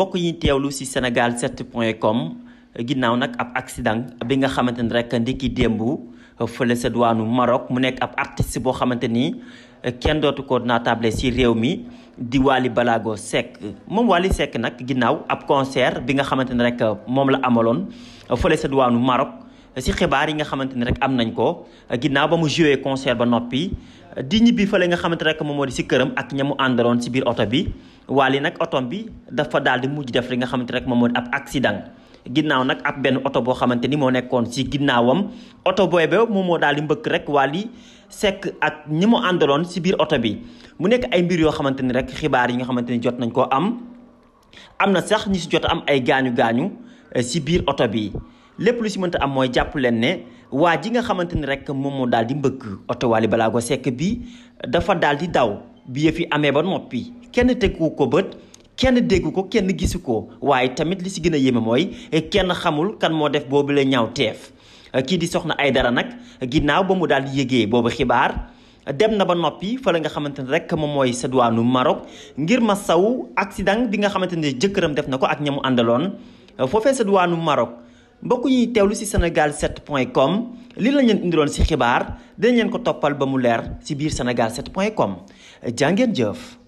mbokk yi teewlu ci Sénégal 7 point com ginnaaw nag ab accident bi nga xamante ni rek ndiki démb fële sa duwaanu Maroc mu nekk ab artiste boo xamante ni kenn dootu ko naatable si réew mi di Wally balaago Seck moom Wally sekk nag ginnaaw ab concert bi nga xamante ni rek moom la amaloon fële sa duwaanu Maroc si xibaar yi nga xamante ni rek am nañ ko ginnaaw ba mu joué concert ba noppi di ñibbi fële nga xamante rek moom moo di si këram ak ñamu mu àndaloon si biir oto bi. Wally nag otom bi dafa daal di mujj def li nga xamante rek moom moo ab accident ginnaaw nag ab benn oto boo xamante ni moo nekkoon si ginnaawam oto boobee moom moo daal di mbëkk rek Wally Seck ak ñi mu àndaloon si biir oto bi mu nekk ay mbir yoo xamante ni rek xibaar yi nga xamante ni jot nañ koo am. am na sax ñu si jot am ay gaañu gaañu eh, si biir oto bi lépp lu si mënta am mooy jàpp leen ne waa ji nga xamante ni rek moom moo daal di mbëkk oto Wally Ballago Seck bi dafa daal di daw bi yëf amee ba noppi kenn tegu ko bët kenn déggu ko kenn gisu ko waaye tamit li si gën a yéeme mooy kenn xamul kan moo def boobu la ñaaw teef kii di soxna ay dara nag ginnaaw ba mu daal di yëgee boobu xibaar dem na ba noppi fa nga xamante ne rek moom mooy sa duwaanu ngir ma saw accident bi nga xamante ne jëkkëram def na ko ak ñamu àndaloon foofee sa duwaanu mbokk yi teewlu ci sénégal 7 point com li lañ leen indiloon ci xibaar dinañ leen ko toppal ba mu leer ci biir sénégal set point com jàngeen jëf